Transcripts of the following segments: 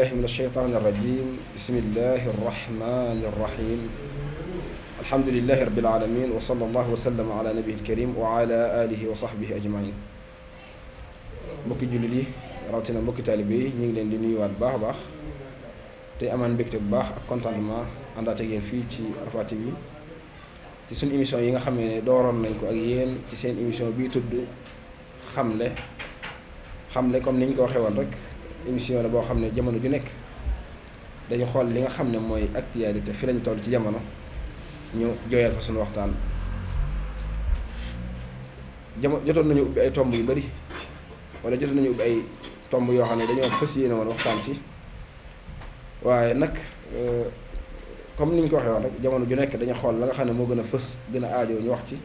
billahi min alsheytaan irrajim bismillahi arrahmani irrahim alhamdulilahi rabbil alamin wa salla allahu wa sallam ala nabihi alkarim wa ala alihi wa sahbihi ajmain mbokki jullit yi rawatina mbokki taalibe yi ñu ngi leen di nuyuwaat baax a baax tey amaan mbégte bu baax ak contentement àndaat ak yéen fii ci Rafah TV ci suñu émission yi nga xam ne dooroon nañ ko ak yéen ci seen émission bii tudd xamle xamle comme ni ñu ko waxee woon rek émission la boo xam ne jamono ju nekk dañu xool li nga xam ne mooy actualité fi lañ toll ci jamono ñu jooyal fa sunu waxtaan jamono jotoon nañu ubbi ay tomb yu bari wala jotoon nañu ay tomb yoo xam ne dañoo fas yéene waxtaan ci waaye nag euh, comme niñ ko waxee woon rek jamono ju nekk dañu xool la nga xam ne moo gën a fës dina a aajoo ñu wax ci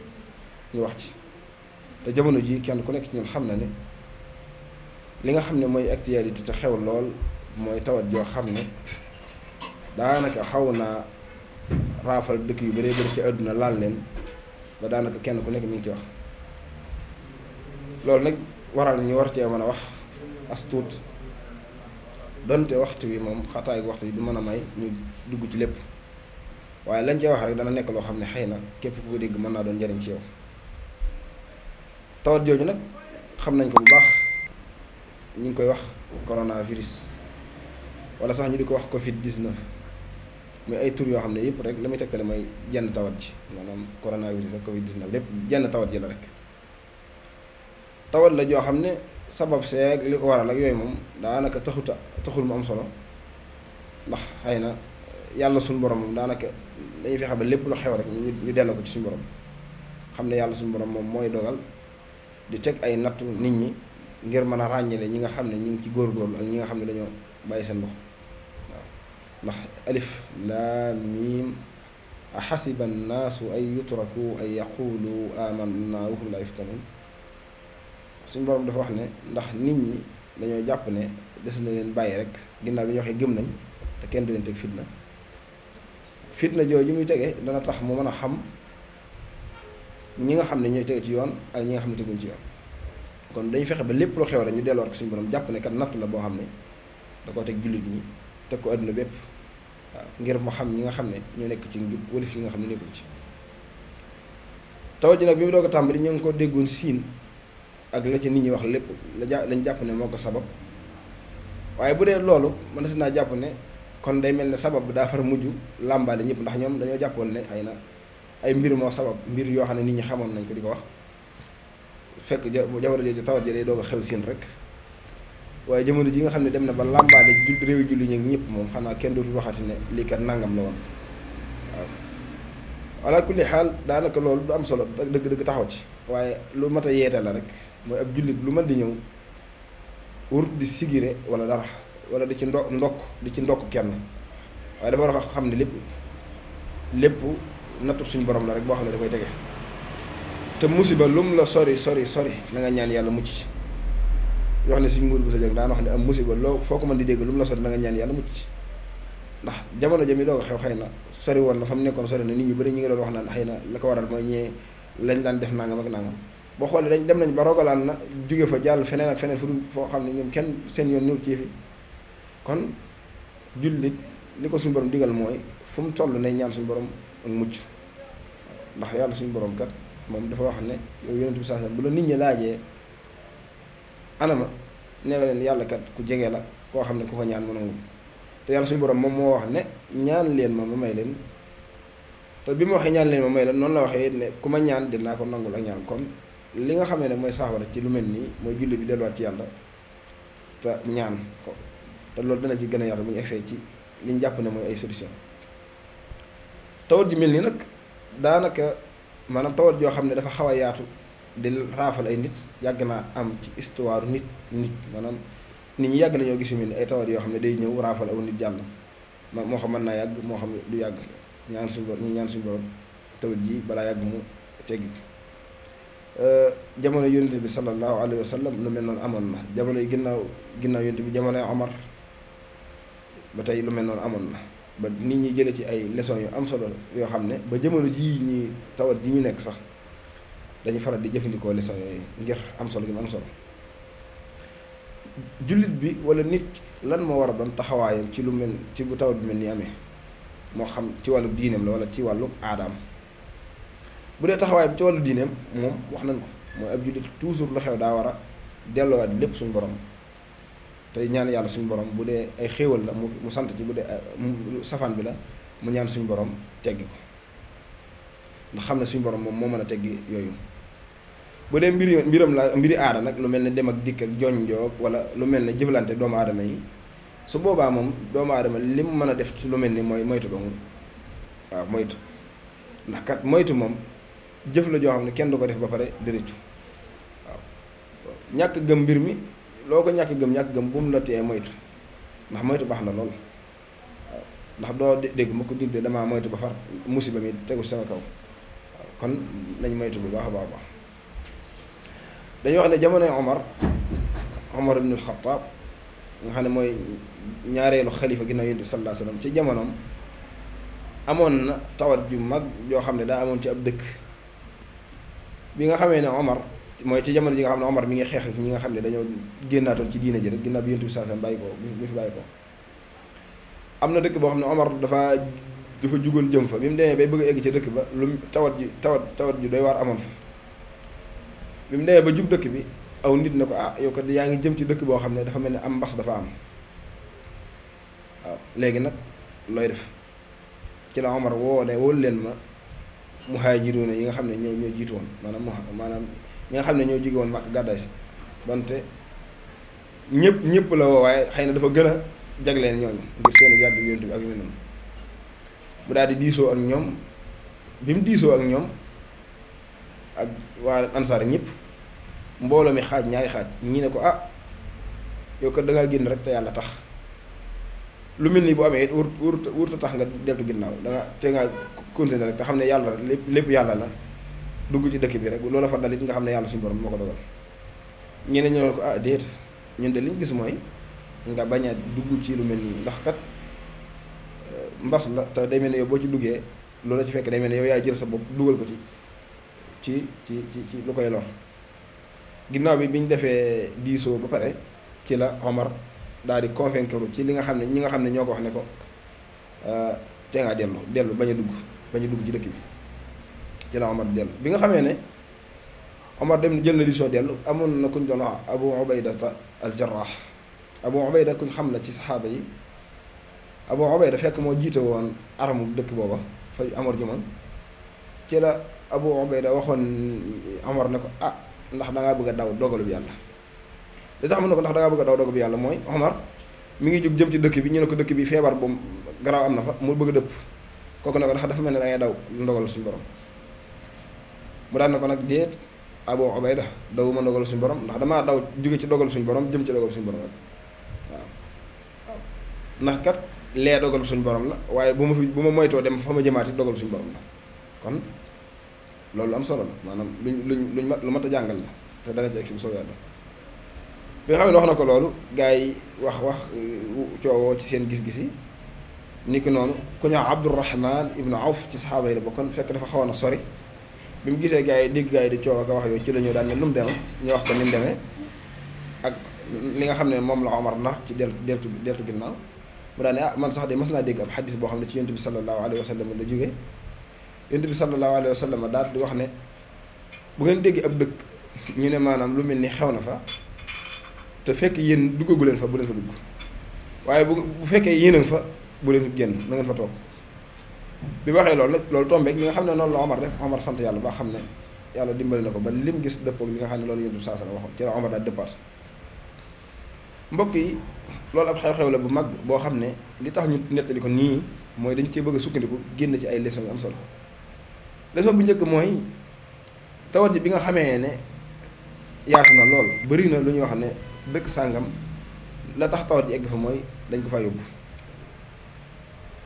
ñu wax ci te jamono ji kenn ku nekk ci ñun xam na ni li nga xam ne mooy actualité te xew lool mooy tawat joo xam ne daanaka xaw naa raafal dëkk yu bëree bëri ci àdduna laal leen ba daanaka kenn ku nekk mi ngi ci wax loolu nag waral ñu war cee mën a wax as tuut donte waxtu wi moom xataay waxtu yi du mën a may ñu dugg ci lépp waaye lañ cee wax rek dana nekk loo xam ne xëy na képp ku ko dégg mën naa doon njariñ ci yow tawat jooju nag xam nañ ko bu baax. ñu ngi koy wax coronavirus wala sax ñu di ko wax Covid 19 muy ay tur yoo xam ne yëpp rek la muy tegtale mooy jenn tawat ji maanaam coronavirus ak Covid 19 lépp jenn tawar ji la rek tawat la joo xam ne sabab seeg li ko waral ak yooyu moom daanaka taxuta taxul mu am solo ndax xëy na yàlla suñu borom moom daanaka dañuy fexe ba lépp lu xew rek ñu ñu delloo ko ci suñu borom xam ne yàlla suñu borom moom mooy dogal di teg ay nattu nit ñi. ngir mën a ràññale ñi nga xam ne ñu ngi ci góorgóorlu ak ñi nga xam ne dañoo bàyyi seen loxo waaw ndax alif laam miim axasiba annaasu ay yutraku ay yaqulu amanna wa hum laa yuftanun suñ borom dafa wax ne ndax nit ñi dañoo jàpp ne des na leen bàyyi rek ginnaaw bi ñu waxee gëm nañ te kenn du leen teg fitna fitna jooju muy tege dana tax mu mën a xam ñi nga xam ne ñooy tege ci yoon ak ñi nga xam ne teguñ ci yoon kon dañu fexe ba lépp lu xew rek ñu delluwaat ko suñu borom jàpp ne kat nattu la boo xam ne da koo teg jullit ñi te ko àdduna bépp waaw ngir mu xam ñi nga xam ne ñoo nekk ci njub wala fi ñi nga xam ne nekkuñ ci. taw ji nag bi mu doog a tàmbali ngi ko déggoon siin ak la ci nit ñi wax lépp la ja lañ jàpp ne moo ko sabab waaye bu dee loolu mën na si naa jàpp ne kon day mel ne sabab daa far mujj làmbaale ñëpp ndax ñoom dañoo jàppoon ne xëy na ay mbir moo sabab mbir yoo xam ne nit ñi xamoon nañ ko di ko wax. fekk jamono jooju tawat ji day a xew siin rek waaye jamono ji nga xam ne dem na ba làmbaale ju réew julli ñi ñëpp moom xanaa kenn dootul waxati ne lii kat nangam la woon waaw ala kulli xaal daanaka loolu du am solo dëgg-dëgg taxaw ci waaye lu mat a yeete la rek mooy ab jullit lu mën di ñëw wurut di sigire wala dara wala di ci ndo ndokk di ci ndokk kenn waaye dafa war a xam ne lépp lépp nattu suñu borom la rek boo xam ne da koy tege te musiba mu la sori sori sori na nga ñaan yàlla mucc ci yoo xam ne suñ muur bu sa jóg daan wax ne am musiba loo foo ko mën di dégg lum la sori na nga ñaan yàlla mucc ci ndax jamono jëm yi doo ko xew xëy na sori woon na fa mu nekkoon sori ne nit ñu bëri ñu ngi doon wax naan xëy na la ko waral mooy ñee lañ daan def nangam ak nangam boo xoolee dañ dem nañ ba rogalaan na jóge fa jàll feneen ak feneen fu dul foo xam ne ñoom kenn seen yoon ñëw ci fi kon li ko suñu borom digal mooy fu mu toll nay ñaan suñu borom ak ndax yàlla suñu borom kat moom dafa wax ne yow yonent bi saa bu la nit ñi laajee anama nee leen yàlla kat ku jege la koo xam ne ku ko ñaan ma nangu te yàlla suñu borom moom moo wax ne ñaan leen ma ma may leen te bi ma waxee ñaan leen ma may leen noonu la waxee ne ku ma ñaan dinaa ko nangul ak ñaan kon li nga xamee ne mooy saafara ci lu mel nii mooy julli bi delluwaat ci yàlla te ñaan ko te loolu dana ci gën a yàlla bu ñu egsee ci li ñu jàpp ne mooy ay solution maanaam tawal joo xam ne dafa xaw a yaatu di raafal ay nit yàgg naa am ci histoire nit nit maanaam nit ñi yàgg lañoo gis yu ay tawat yoo xam ne day ñëw raafal aw nit jàll ma moo xam man naa yàgg moo xam lu yàgg ñaan suñu borom ñi ñaan suñu borom tawat ji balaa yàgg mu teggi euh, jamono yonent bi sallallahu alayhi wa sallam lu mel noonu amoon na jamono yi ginnaaw ginnaaw yonent bi jamonoy Omar ba tey lu mel noonu amoon na ba nit ñi jëlee ci ay leçons yu am solo yoo xam ne ba jamono jii ñi tawat ji ñu nekk sax dañu faral di jëfandikoo leçons yooyu ngir am solo gi mu solo jullit bi wala nit lan moo war a doon taxawaayam ci lu mel ci bu tawat bi mel ni amee moo xam ci wàllu diineem la wala ci wàllu aadaam bu dee taxawaayam ci wàllu diineem moom wax nañ ko mooy ab jullit toujours lu xew daa war a delloowaat lépp suñu borom. tey ñaan yàlla suñu borom bu dee ay xéewal la mu sant ci bu dee safaan bi la mu ñaan suñu borom teggi ko ndax xam ne suñu borom moom moo mën a teggi yooyu bu dee mbir mbiram la mbiri aada nag lu mel ne dem ak dikk ak jooñ joog wala lu mel ne jëflante doomu aadama yi su boobaa moom doomu aadama li mu mën a def ci lu mel ni mooy moytu dong waaw moytu ndax kat moytu moom jëf la joo xam ne kenn du ko def ba pare di rëccu waaw ñàkk gëm mbir mi loo ko ñàkk gëm ñàkk gëm bu mu la tee moytu ndax moytu baax na lool ndax doo dégg ma ko digde damaa moytu ba far musiba mi tegu sama kaw kon nañ moytu bu baax a baax baax dañuy wax ne jamonoy Omar Omar ibnul Xataab nga xam ne mooy ñaareelu xalifa ginnaaw Yonent bi sallallahu alayhi wasallam ci jamonoom amoon na tawat ju mag yoo xam ne daa amoon ci ab dëkk bi nga xamee ne Omar mooy ci jamono ji nga xam ne Omar mi ngi xeex ñi nga xam ne dañoo génnaatoon ci diina ji rek ginnaaw bi yonent bi saasam bàyyi ko bi fi bàyyi ko am na dëkk boo xam ne Omar dafa dafa jugoon jëm fa bi mu demee bay bëgg egg ca dëkk ba lu tawat ji tawat tawat ji doy waar amoon fa bi mu ba jub dëkk bi aw nit ne ko ah yow kat yaa ngi jëm ci dëkk boo xam ne dafa mel ne am mbas dafa am waaw léegi nag looy def ci la Omar woo ne wóolu leen ma muhaajiruuna yi nga xam ne ñoo ñoo jiitu woon maanaam maanaam ñi nga xam ne ñoo jóge woon màkk gàddaay si donte ñëpp ñëpp la waaye xëy na dafa gën a jagleen ñooñu ngir seen yàgg yonent bi ak yu mel noonu mu daal di diisoo ak ñoom bi mu diisoo ak ñoom ak waa ansaar ñëpp mbooloo mi xaaj ñaari xaaj ñii ne ko ah yow kat da ngaa génn rek te yàlla tax lu mel nii bu amee it wur wurta tax nga deltu ginnaaw da nga te ngaa continuer rek te xam ne yàlla lépp lépp yàlla la dugg ci dëkk bi rek loola fa dalit nga xam ne yàlla suñu borom moo ko dogal ñeneen ñoo ko ah déet ñun de liñ gis mooy nga bañ dugg ci lu mel nii ndax kat euh, mbas la te day mel ne yow boo ci duggee la ci fekk day mel ne yow yaa jël sa bopp dugal ko ci ci ci ci ci lu koy lor ginnaaw bi bi ñu defee diisoo ba pare ci la Omar daal di convaincre ci li nga xam ne ñi nga xam ne ñoo ko wax ne ko ah, te ngaa dellu dellu bañ a dugg bañ a dugg ci dëkk bi. ci la Omar dellu bi nga xamee ne Omar dem jël na décision dellu amoon na kuñ doon wax Abu Ubaydata al Jarrah Abu Ubayda kuñ xam na ci saxaaba yi Abu Ubayda fekk moo jiite woon aramu dëkk booba fa Omar jëmoon ci la Abu Ubayda waxoon Omar ne ko ah ndax da ngaa bëgg a daw dogalub yàlla li tax mu ne ko ndax da ngaa bëgg a daw dogalub yàlla mooy Omar mu ngi jóg jëm ci dëkk bi ñu ne ko dëkk bi feebar bu garaaw am na fa mu bëgg a dëpp kooku ne ko ndax dafa mel ne da daw ndogal suñu borom mu daan na ko nag déet Abu Ubayda dawuma dogal suñu borom ndax damaa daw jóge ci dogal suñu borom jëm ci dogal suñu borom rek waaw ndax kat lee dogal suñu borom la waaye bu ma fi bu ma moytoo dem fa ma jëmaati dogal suñu borom la kon loolu am solo la maanaam luñ luñ luñ lu mat a jàngal la te dana ci egsi bu soobee Yàlla bi nga xam ne wax na ko loolu gars yi wax wax uh, coowoo ci seen gis-gis yi ni ki noonu ku ñëw Abdurahman ibnu Awf ci saxaaba yi la bokkoon fekk dafa xawoon a sori bi mu gisee gars yi dégg gars yi di coow ak wax yooyu ci la ñëw daal ne lu mu demee ñu wax ko ni mu demee ak li nga xam ne moom la Omar nar ci deltu deltu deltu ginnaaw mu daal ne ah man sax de mas naa dégg ab xadis boo xam ne ci yonent bi sallallahu alayhi wa sallam la jógee yonent bi sallallahu alayhi wa sallam daal di wax ne bu ngeen dégg ab dëkk ñu ne maanaam lu mel ni xew na fa te fekk yéen duggagu leen fa bu leen fa dugg waaye bu bu fekkee yéen a fa bu leen génn na ngeen bi waxee loolu nag loolu tombeek li nga xam ne noonu la Omar def Omar sant yàlla ba xam ne yàlla dimbali na ko ba lim gis dëppoog li nga xam ne loolu yëpp saa sa ci yi loolu ab xew bu mag boo xam ne li tax ñu nettali nii mooy dañ cee bëgg sukkandiku génn ci ay leçons am solo bu njëkk mooy tawat ji bi nga xamee ne yaatu na lool bëri na lu ñuy wax ne dëkk sàngam la tax tawat ji fa mooy dañ ko fa yóbbu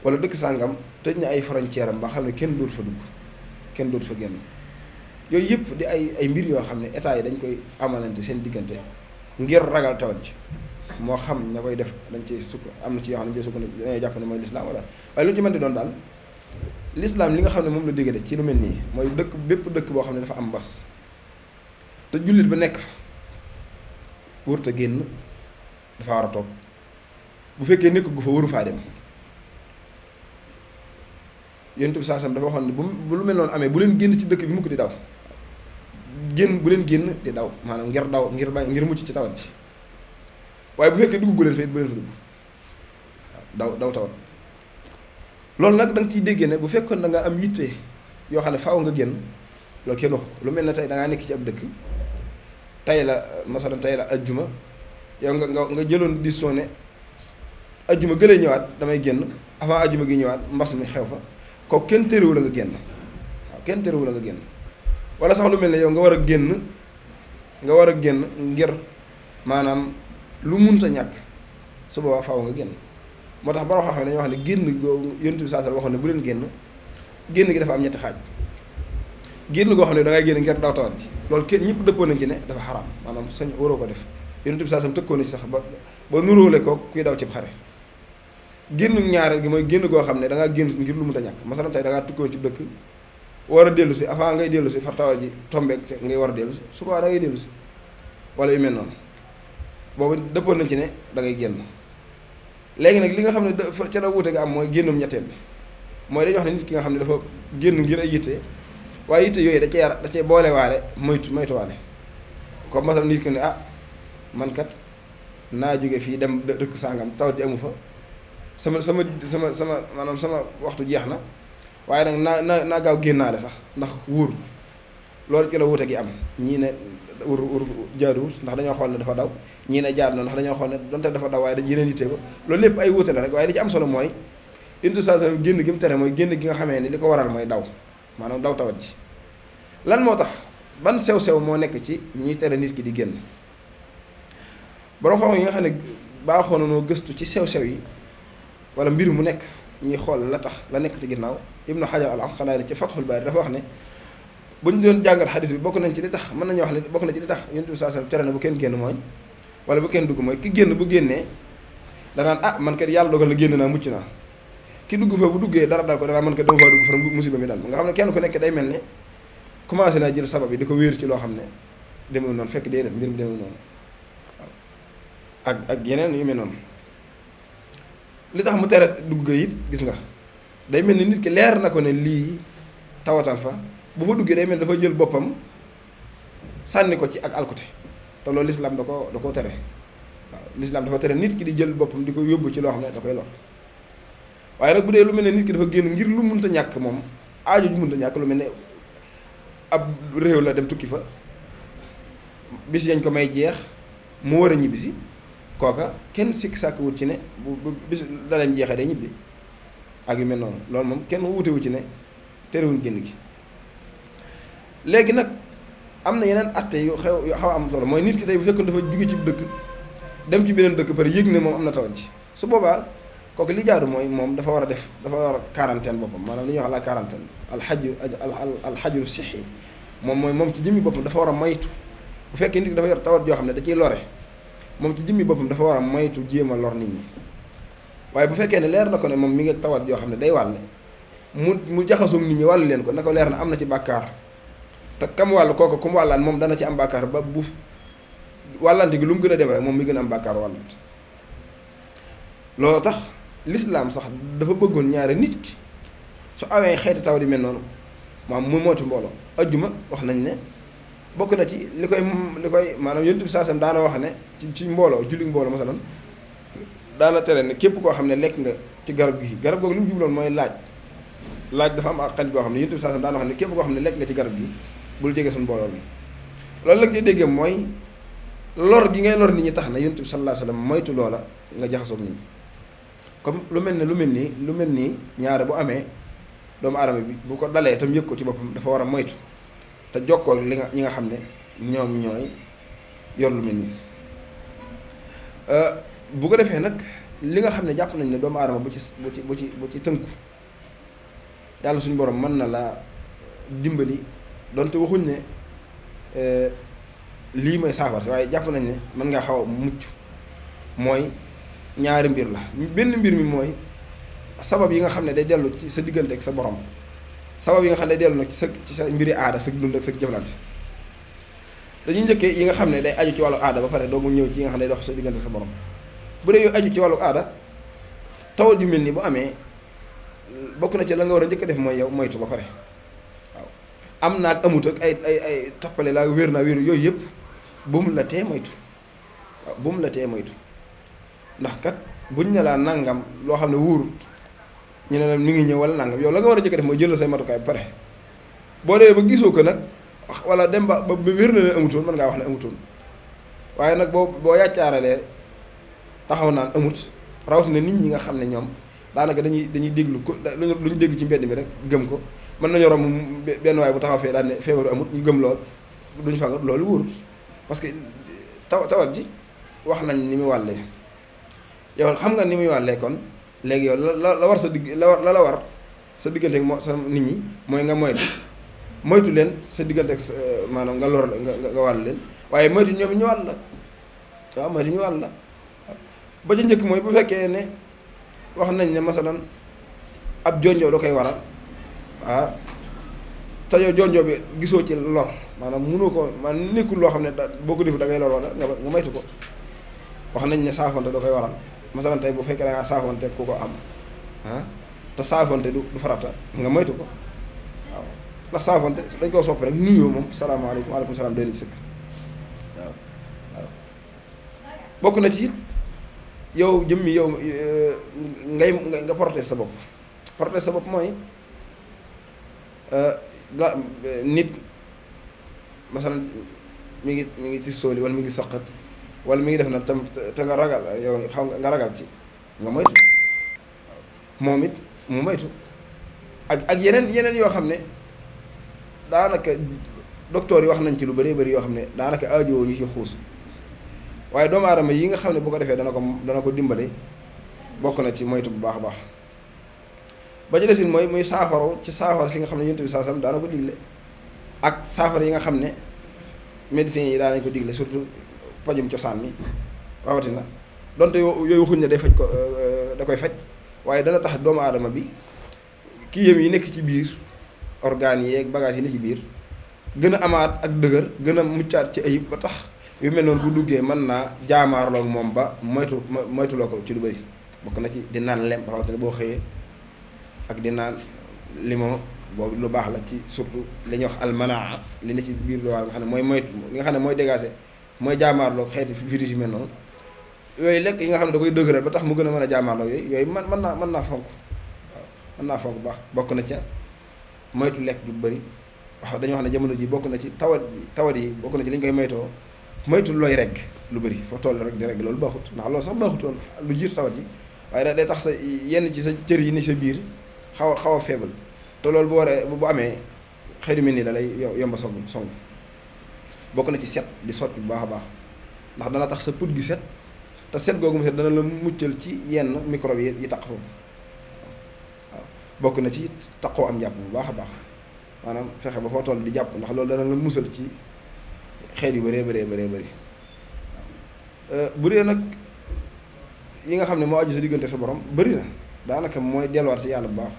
wala dëkk sàngam tëj na ay frontière am ba xam ne kenn dootu fa dugg kenn dootu fa génn yooyu yëpp di ay ay mbir yoo xam ne état yi dañ koy amalante seen diggante ngir ragal tawat ji moo xam na koy def dañ ci am na ci yoo xam ne dañ sukk dañoo jàpp ne mooy lislaam wala waaye lu ñu ci mën di doon daal li nga xam ne moom la diggale ci lu mel nii mooy dëkk bépp dëkk boo xam ne dafa am mbas te jullit ba nekk fa wërta génn dafa war a toog bu fekkee nekk gu fa waru faa dem yonent bi saasam dafa waxoon ne bu lu mel noonu amee bu leen génn ci dëkk bi mukk di daw génn bu leen génn di daw maanaam ngir daw ngir bañ ngir mucc ci tawat ji waaye bu fekkee dugg leen fa it bu leen fa dugg daw daw tawat loolu nag danga nga ciy déggee ne bu fekkoon da nga am yitte yoo xam ne faw nga génn loolu kenn wax ko lu mel ne tey da ngaa nekk ci ab dëkk tey la masalan tey la ajjuma yow nga nga nga jëloon décision ne ajjuma gëlee ñëwaat damay génn avant ajjuma gi ñëwaat mbas mi xew fa kooku kenn téréwu la nga génn waaw kenn téréwu la nga génn wala sax lu mel ni yow nga war a génn nga war a génn ngir maanaam lu munta ñàkk su boobaa faw nga génn moo tax ba xam ne dañoo wax ne génn googu yonent bi saasal waxoon ne bu leen génn génn gi dafa am ñetti xaaj génn goo xam ne da génn ngir daw tawat ji loolu kenn ñëpp dëppoo nañ ci ne dafa xaram maanaam sañ waroo ko def yonent bi saasam tëkkoon na ci sax ba ba nuróole ko kuy daw cib xare génn ñaareel gi mooy génn goo xam ne da ngaa génn ngir lu mu a ñàkk masalan tey da ngaa tukkoon ci dëkk war a dellu si avant ngay dellu si fartawar ji tombeeg ngay war a dellu su ko da si wala yu mel noonu boobu dëppoon nañ ci ne da ngay génn léegi nag li nga xam ne ca la wuute am mooy génnum ñetteel mooy dañuy wax ne nit ki nga xam ne dafa génn ngir ay yitte waaye yitte yooyu da cee da cee boole waare moytu moytuwaale comme masalan nit ki ne ah man kat naa jóge fii dem dëkk sàngam tawat ji amu fa sama sama sama sama maanaam sama waxtu jeex na waaye nag naa naa naa gaaw génnaale sax ndax wóor loolu ci la wuute gi am ñii ne wóor wóor jaaduwul ndax dañoo xool ne dafa daw ñii ne jaar na ndax dañoo xool ne donte dafa daw waaye dañ yeneen yitte ko loolu lépp ay wuute la rek waaye li am solo mooy intu saa génn gi mu tere mooy génn gi nga xamee ni li ko waral mooy daw maanaam daw tawat ji lan moo tax ban sew-sew moo nekk ci ñuy tere nit ki di génn borom yi nga xam ne baaxoo na noo gëstu ci sew-sew yi wala mbir mu nekk ñuy xool la tax la nekk ci ginnaaw na ibnu xajar al asqalaani ci fathul baari dafa wax ne bu ñu doon jàngal xadis bi bokk nañ ci li tax mën nañu wax ne bokk na ci li tax yonent bi saa sallam tere na bu kenn génn mooñ wala bu kenn dugg mooy ki génn bu génnee danaan ah man kat yàlla dogal la génn naa mucc naa ki dugg fa bu duggee dara dal ko danaa man kat dama faa dugg fa musiba mi dal nga xam ne kenn ku nekk day mel ne commencé naa jël sabab yi di ko wéer ci loo xam ne demeewul noonu fekk déedéet mbir mi ak ak yeneen noonu li tax mu tere dugg ga it gis nga day mel ni nit ki leer na ko ne lii tawatal fa bu fa duggee day mel ni dafa jël boppam sànni ko ci ak alkute te loolu lislaam da ko da koo tere waaw lislaam dafa tere nit ki di jël boppam di ko yóbbu ci loo xam ne da koy lor waaye nag bu dee lu mel ne nit ki dafa génn ngir lu munta ñàkk moom aajo ju munta ñàkk lu mel ne ab réew la dem tukki fa bis yañ ko may jeex mu war a ñibbisi kooka kenn sikk sàkk wut ci ne bu bis daleem jeexee day ñibbi ak yu mel noonu loolu moom kenn wuutewu ci ne terewuñ génn gi léegi nag am na yeneen atte yu xew yu xaw am solo mooy nit ki tey bu fekkoon dafa jóge ci dëkk dem ci beneen dëkk par yëg ne moom am na tawat ci su boobaa kooku li jaaru mooy moom dafa war a def dafa war a quarantaine boppam maanaam li ñuy wax la quarantaine alxaju alxajul sixi moom mooy moom ci jëmmi boppam dafa war a moytu bu fekkee ki dafa yor tawat joo xam ne da ciy lore moom ci jëmmi boppam dafa war a moytu jéem a lor nit ñi waaye bu fekkee ne leer na ko ne moom mi ngi ak tawat yoo xam ne day wàll mu mu jaxasoog nit ñi wàllu leen ko na ko leer na am na ci bàkkaar te kam wàll kooku ku mu wàllaan moom dana ci am bàkkaar ba bu wàllante gi lu mu gën a dem rek moom mi gën a am bàkkaar wàllante loolu tax lislaam sax dafa bëggoon ñaari nit su awee xeeti taw di mel noonu maam mu moytu mbooloo ajjuma wax nañ ne bokk na ci li koy li koy maanaam yonent bi saasam daana wax ne ci ci mbooloo julli mbooloo masalan daana tere ne képp koo xam ne lekk nga ci garab gii garab googu li mu jubloon mooy laaj laaj dafa am ak goo xam ne yonent bi saasam daana wax ne képp koo xam ne lekk nga ci garab gi bul jege suñu mbooloo bi loolu nag ci déggee mooy lor gi ngay lor nit ñi tax na yonent bi sallallahu alayhi wasallam moytu loola nga jaxasoo nit ñi comme lu mel ne lu mel nii lu mel nii ñaare bu amee doomu aadama bi bu ko dalee itam yëg ko ci boppam dafa war a moytu te jokkoo li nga ñi nga xam ne ñoom ñooy yor lu mel nii euh, bu ko defee nag li nga xam ne jàpp nañ ne doomu aadama bu ci bu ci bu ci bu ci tënku yàlla suñ borom mën na laa dimbali donte waxuñ ne euh, lii may saafara si waaye jàpp nañ ne mën nga xaw a mucc mooy ñaari mbir la benn mbir mi mooy sabab yi nga xam ne day dellu ci sa diggante ak sa borom. sabab yi nga xam ne dellu na ci sa ci sa mbiri aada sa dund ak sa jëflante dañuy njëkkee yi nga xam ne day aju ci wàllu aada ba pare doogu ñëw ci yi nga xam ne day dox sa diggante sa aju ci wàllu aada tawat yu mel ni bu amee bokk na ci la nga war a njëkk def mooy yow moytu ba pare waaw am naag amut ak ay ay ay toppale laa wér naa wéru yooyu yëpp bu la tee moytu waaw bu la tee moytu ndax kat buñ ne laa nangam loo xam ne wóorut ñu ne la mi ngi ñëw wala nangam yow la nga war a jëkk def mooy jëlal say matukaay ba pare boo dee ba gisoo ko nag wala dem ba ba wér na ne amutoon mën ngaa wax ne amutoon waaye nag boo boo yàccaaralee taxaw naan amut ne nit ñi nga xam ne ñoom daanaka dañuy dañuy déglu ko lu ñu dégg ci mbenn mi rek gëm ko mën nañu romb benn waay bu taxaw fee daan ne feebaru amut ñu gëm lool duñu fàgga loolu wóorut parce que taw tawat ji wax nañ ni muy wàllee yow xam nga ni muy wàllee kon léegi yow la la war sa digg la la war sa diggante ak moo sa nit ñi mooy nga moytu moytu leen sa diggante sa euh, maanaam nga loor nga nga leen waaye moytu ñoom ñu wàll la waaw moytu ñu wàll la ba ca njëkk mooy bu fekkee ne wax nañ ne masalan ab jonjoo da koy waral ah te yow jonjoo bi gisoo ci lor maanaam mënoo ko man nekkul loo xam ne da boo ko def da ngay lor wala nga moytu ko wax nañ ne saafante da koy waral. masalan tey bu fekkee da ngaa saafonte ku ko am ah te saafonte du farata nga moytu ko waaw ndax saafonte dañ koo sopp rek nuyoo moom salaamaaleykum waaleykum salaam doy na ci sëkk waaw waaw bokk na ci it yow jëmmi yow eh, ngay nga protéger sa bopp protéger sa bopp mooy eh, la eh, nit masalan mi ngi mi ngi ci sóoli wala mi ngi saqat wala mi ngi def na tam te nga ragal yow xam nga ragal ci nga moytu moom it mu moytu ak ak yeneen yeneen yoo xam ne daa naka docteur yi wax nañ ci lu bëree bëri yoo xam ne daanaka aajowoo ñu ci xuus waaye doomu aadama yi nga xam ne bu ko defee dana ko dana ko dimbale bokk na ci moytu bu baax a baax ba ci desin mooy muy saafara ci saafara si nga xam ne yonent bi saasam daana ko digle ak saafara yi nga xam ne médecins yi nañ ko digle surtout pajum cosaan mi rawatina donte yooyu waxuñ ne day faj ko euh, euh, da koy faj waaye dana tax doomu aadama bi kii yëm yi nekk ci biir organes yi ak yi ne ci biir gën a amaat ak dëgër gën a muccaat ci ayib ba tax yu mel noonu bu duggee mën naa jaamaarloog moom ba moytu moytuloo ko ci lu bëri bokk na ci di naan lem rawatina boo xëyee ak di naan limon boobu lu baax la ci surtout li ñuy wax almanaa li ne ci biir lu waar nga xam ne mooy moytu li nga xam ne mooy dégager mooy jaamaarloo xeeti virus yu mel noonu yooyu lekk yi nga xam ne da koy dëgëral ba tax mu gën a mën a jaamaarloo yooyu yooyu man naa mën naa fonk waaw naa fonk baax bokk na ca moytu lekk bu bëri wax dañu wax ne jamono ji bokk na ci tawat tawat yi bokk na ci li koy moytoo moytu looy regg lu bëri foo toll rek di loolu baaxut ndax loolu sax baaxutoon lu jiitu tawat yi waaye day tax sa yenn ci sa cër yi ni sa biir xaw a xaw a faible te loolu bu waree bu amee xëy na mel ni da lay yomba song song bokk na ci set di sotti bu baax a baax ndax dana tax sa put gi set te set googu mu set dana la muccal ci yenn microbe yi taq foofu waaw bokk na ci taqoo am jàpp bu baax a baax maanaam fexe ba foo toll di jàpp ndax loolu dana la musal ci xeet yu bëree bëree bëree bëri euh, bu dee nag yi nga xam ne moo aju sa diggante sa borom bëri na daanaka mooy delluwaat si yàlla bu baax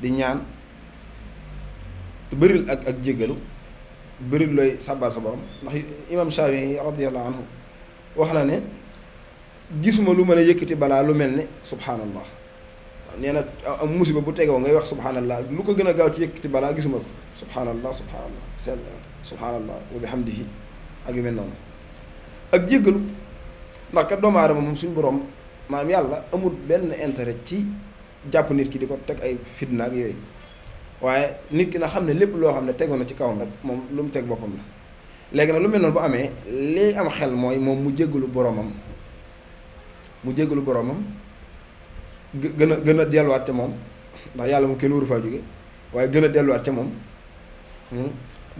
di ñaan te bëril ak ak jéggalu bëri looy sàbbaal sa borom ndax imam Shaafi radiyallahu wax na ne gisuma lu mën a yëkkati balaa lu mel ne subhanallah waaw nee na am musiba bu tegoo ngay wax subhanallah lu ko gën a gaaw ci yëkkati balaa gisuma ko subhanallah subhanallah sell subhanallah wa bihamdihi ak yu mel noonu ak jéggalu ndax kat doomu aadama moom suñu borom maam yàlla amul benn intérêt ci jàpp nit ki di ko teg ay fitna ak yooyu waaye nit ki na xam ne lépp loo xam ne tegoon na ci kawam rek moom lu mu teg boppam la léegi nag lu mel noonu bu amee li am xel mooy moom mu jéggalu boromam mu jéggalu boromam gën a gën a delluwaat ca moom ndax yàlla mu kenn waru waaye gën a delluwaat ca moom hmm,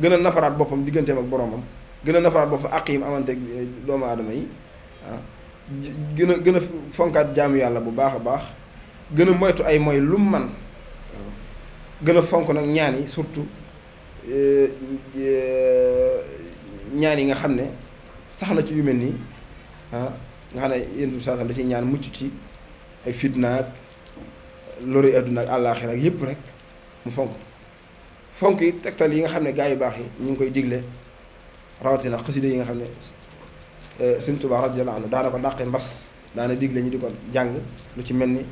gën a nafaraat boppam digganteem ak boromam gën a nafaraat boppam àq yi mu amante eh, doomu aadama yi ah, gën a gën a fonkaat jaamu yàlla bu baax a baax gën a moytu ay moy lu mu man gën fonk nag ñaan yi surtout euh, ñaan yi nga xam ne sax na ci yu mel nii ah nga xam ne yéen bi saa da ciy ñaan mucc ci ay fitna ak lori adduna ak àllaaxira ak yëpp rek mu fonk fonk yi tegtal yi nga xam ne gaa yu baax yi ñu ngi koy digle rawatina xasida yi nga xam ne euh, Sëñ Tuubaa radiyallaahu anhu daana ko dàqe mbas daana digle ñu di ko jàng lu ci mel ni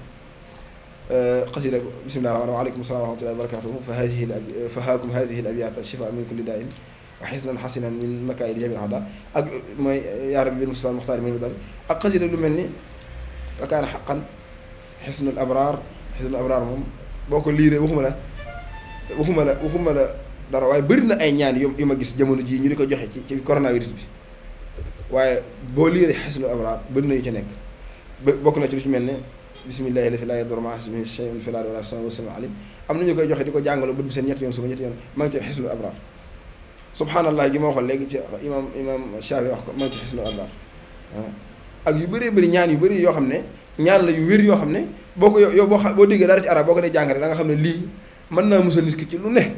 xasida bismillahi rahmaani wa aleykum salaam wa rahmatullahi wa barakatuhu fa hadihi l abi fa haakum hadihi l abiyata shifa min kulli dain wa xisnan xasinan min makaayidi jamil hada ak mooy yaa rabbi bil mustafa muxtaar min dal ak xasida lu mel ni wa kaana xaqan xisnul abraar xisnul abraar moom boo ko liiree waxuma la waxuma la waxuma la dara waaye bëri na ay ñaan yu yu ma gis jamono jii ñu di ko joxe ci ci coronavirus bi waaye boo liiree xisnul abraar bëri na yu ci nekk bokk na ci lu ci mel ne bismillahi lasi laa yadur ma'a ismihi shay'un fil ardi wala fis na ñu koy joxe di ko maa ngi ci ma waxoon léegi ah. ak yu bëree bëri ñaan yu bëri yoo xam ne ñaan la yu wér yoo xam ne boo ko yow boo boo déggee dara ci arab boo ko dee jàngale da nga xam ne lii mën naa musal nit ki ci lu ne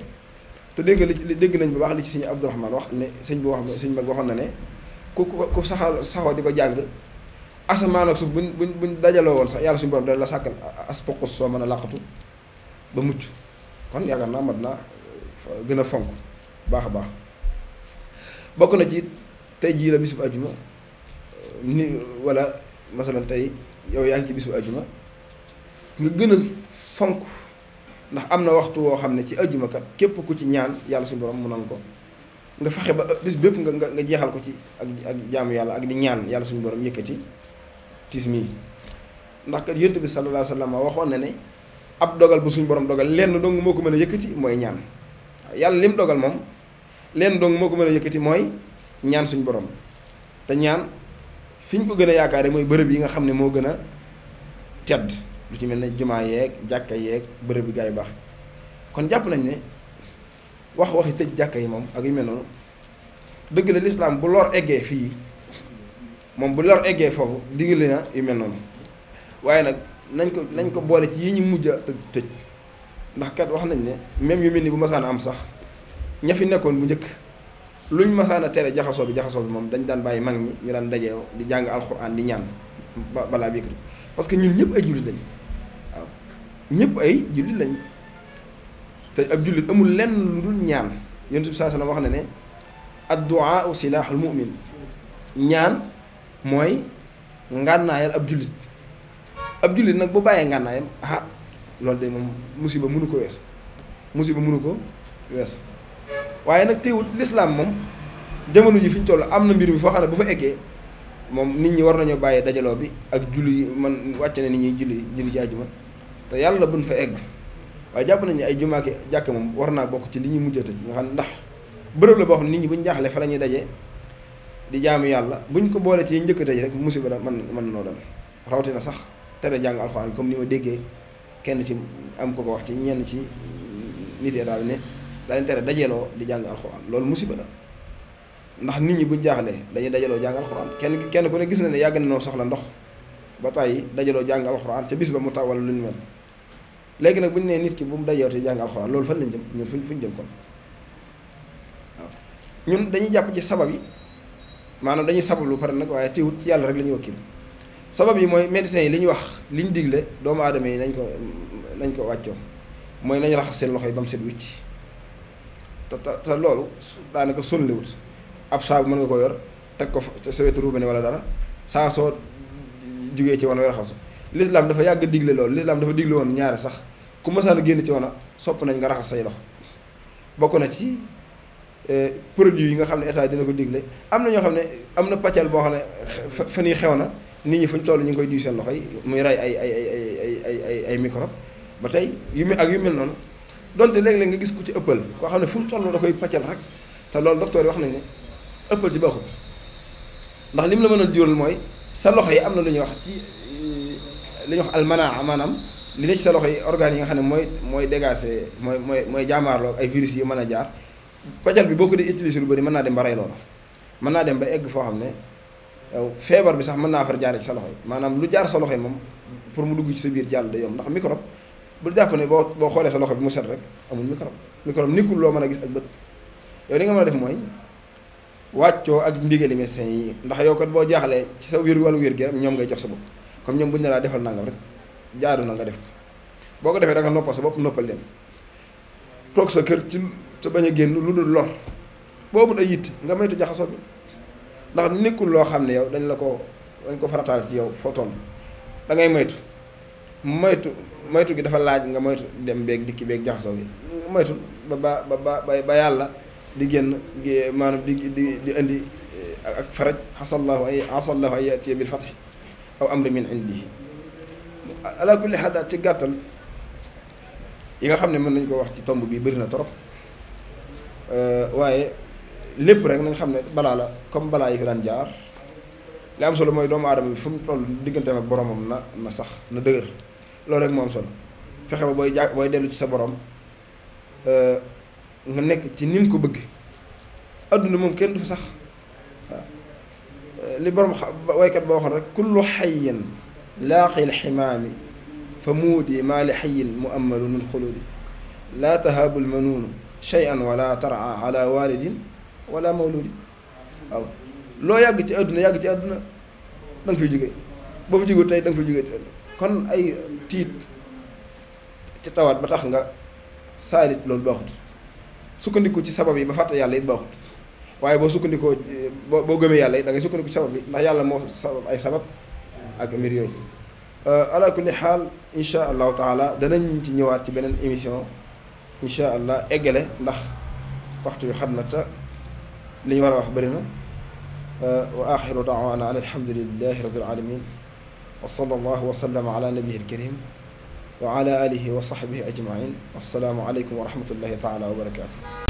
te dégg li dégg nañ bu baax li ci sëñ Abdourahman wax ne sëñ bu wax sëñ mag waxoon na ne ku ku ku saxal saxoo di ko jàng asamaan ak suuf buñ buñ buñ dajaloo woon sax yàlla suñu borom da la sàkkal as poqus soo mën a làqatu ba mucc kon yaakaar naa mat naa gën a fonk baax a baax bokk na ci tey jii la bisub ajuma euh, ni wala masalan tey yow yaa ngi ci bisub ajuma nga gën a fonk ndax am na waxtu woo xam ne ci ajuma kat képp ku ci ñaan yàlla suñu borom mu nangu ko nga fexe ba bis bépp nga nga jeexal ko ci ak ak jaamu yàlla ak di ñaan yàlla suñu borom yëkkati tismi ndax kat yonent bi sallallahu alayhi wa waxoon na ne ab dogal bu suñ borom dogal lenn dong moo ko mën a yëkkati mooy ñaan yàlla lim dogal moom lenn dong moo mën a yëkkati mooy ñaan suñ borom te ñaan fi ñu ko gën a yaakaar yaakaare mooy bërëb yi nga xam ne moo gën a tedd lu ci mel ni jumaa yeeg jàkka yeeg bërëb bi gaa yi baax kon jàpp nañ ne wax waxi tëj jàkka yi moom ak yu mel noonu dëgg la lislaam bu lor eggee fii moom bu lor eggee foofu digal na yu mel noonu waaye nag nañ ko nañ ko boole ci yi ñu mujj a tëj ndax kat wax nañ ne même yu mel ni bu masaan am sax ña fi nekkoon bu njëkk luñ masaan a tere jaxasoo bi jaxasoo bi moom dañ daan bàyyi mag ñi ñu daan dajee di jàng alxuraan di ñaan balaa bi parce que ñun ñëpp ay jullit lañ waaw ñëpp ay jullit lañ te ab jullit amul lenn lu dul ñaan yonent bi saa wax na ne addu'a silaaxul mu'min ñaan. mooy ngànnaayal ab jullit ab jullit nag bu bàyyee ngànnaayam ah loolu de moom musiba mënu ko weesu musiba mënu ko weesu waaye nag teewut lislaam moom jamono ji fi ñu toll am na mbir mi foo xam ne bu fa eggee moom nit ñi war nañoo bàyyi dajaloo bi ak julli man wàcc na nit ñi julli julli ci àjjuma te yàlla buñ fa egg waaye jàpp nañu ay jumaake jàkk moom war naa bokk ci li ñuy mujjee tëj nga xam ndax bërëb la boo xam ne nit ñi buñ jaaxle fa la ñuy dajee di jaamu yàlla buñ ko boole ci njëkk tey rek musiba da mën mën noo dem rawatina sax tere jàng alxuraan comme ni ma déggee kenn ci am ko ko wax ci ñenn ci nit état bi ne dañ tere dajeeloo di jàng alxuraan loolu musiba la ndax nit ñi buñ jaaxlee dañuy dajaloo jàng alxuraan kenn kenn ku ne gis na ne yàgg na soxla ndox ba tàyyi dajaloo jàng alxuraan ca bis ba mu taw lu ñu mel léegi nag bu ñu nee nit ki bu mu dajaloo te jàng alxuraan loolu fan lañ jëm ñun fuñ fuñ jëm kon waaw ñun dañuy jàpp ci sabab yi maanaam dañuy sabablu pare nag waaye teewut ci yàlla rek la ñuy wakkil sabab yi mooy médecins yi li ñu wax li ñu digle doomu aadama yi nañ ko nañ ko wàccoo mooy nañ raxas seen loxo yi ba mu set wicc te te te loolu daanaka sunliwut ab saabu mën nga ko yor teg ko sa wetu robinet wala dara saa soo jugee ci wan way raxasu l'islam dafa yàgg digle loolu l'islam dafa digle woon ñaare sax ku mësaan génn ci wana sopp nañ nga raxas say loxo bokk na ci Euh, produit yi nga xam ne état dina ko digle am na ñoo xam ne am na pàccal boo xam ne fa nii xew na nit ñi fu ñu toll ñu ngi koy diw seen loxo yi muy rey ay ay ay ay microbe ba tey yu mel ak yu mel noonu donte léeg-léeg nga gis ku ci ëppal koo xam ne fu mu toll da koy pàccal rek te loolu docteur yi wax nañ ne ëppal ci baaxut ndax li mu la mën a jural mooy sa loxo yi am na lu ñuy wax ci li ñuy wax almanaa maanaam li ne ci sa loxo yi organes yi nga xam ne mooy mooy dégager mooy mooy mooy jaamaarloo ay virus yi mën a jaar. pajal bi boo ko dee utiliser lu bëri mën naa dem ba rey loola mën naa dem ba egg foo xam ne yow feebar bi sax mën naa far jaare ci sa loxo yi maanaam lu jaar sa loxo yi moom pour mu dugg ci sa biir jàll day yomb ndax microbe bu jàpp ne boo boo xoolee sa loxo bi mu set rek amul microbe microbe nekkul loo mën a gis ak bët yow li nga mën a def mooy wàccoo ak ndigali médecin yi ndax yow kat boo jaaxlee ci sa wér wàllu wér gi ñoom ngay jox sa bopp comme ñoom bu ñu ne laa defal nangam na nga def boo ko defee da nga noppal sa bopp noppal leen te bañ a génn lu dul lor boobu ay yitt nga maytu jaxasoo bi ndax nekkul loo xam ne yow dañ la ko dañ ko farataal ci yow foo toll da maytu maytu moytu gi dafa laaj nga moytu dem beeg dikki beeg jaxasoo ba ba ba ba yàlla di génn maanaam di di indi eh, ak faraj asallahu ay asallahu ay yatiya bil fatih aw amri min indihi ala kulli xadaat ci gàttal yi nga xam ne mën nañ ko wax ci tomb bi bari na trop Euh, waaye lépp rek nañ xam ne balaa la comme balaa yi fi daan jaar li am solo mooy doomu aadama bi fu mu toll digganteem ma boromam na na sax na dëgër loolu rek moo am solo fexe ba booy jaa booy dellu ci sa borom euh, nga nekk ci nin ko bëgg àdduna moom kenn du fa sax euh, li borom xa waykat boo waxoon rek kullu xayin laaqil ximaami fa muudi maa xayin mu amalu min xuludi laa tahaabul manuunu shay'an wala tara ala walidin wala mawludin waaw loo yàgg ci àdduna yàgg ci àdduna da nga fiy jóge boo fi jógul tey da nga fiy jóge kon ay tiit ci tawaat ba tax nga saalit loolu baaxut sukkandiku ci sabab yi ba fàtte yàlla it baaxut waaye boo sukkandikoo boo boo gëmee yàlla it da ngay sukkandiku ci sabab yi ndax yàlla moo sabab ay sabab ak mbir yooyu euh, ala kulli xaal insha allahu taala danañ ci ñëwaat ci beneen émission incha allah eggale ndax waxtu yu xam na te li ñu war a wax bëri na wa axiru daawana an alhamdulilahi rabil alamin wa sallallahu wa sallama ala nabihi alkarim wa ala alihi wa sahbihi ajmain assalaamu aleykum wa rahmatullahi taala wa barakatuh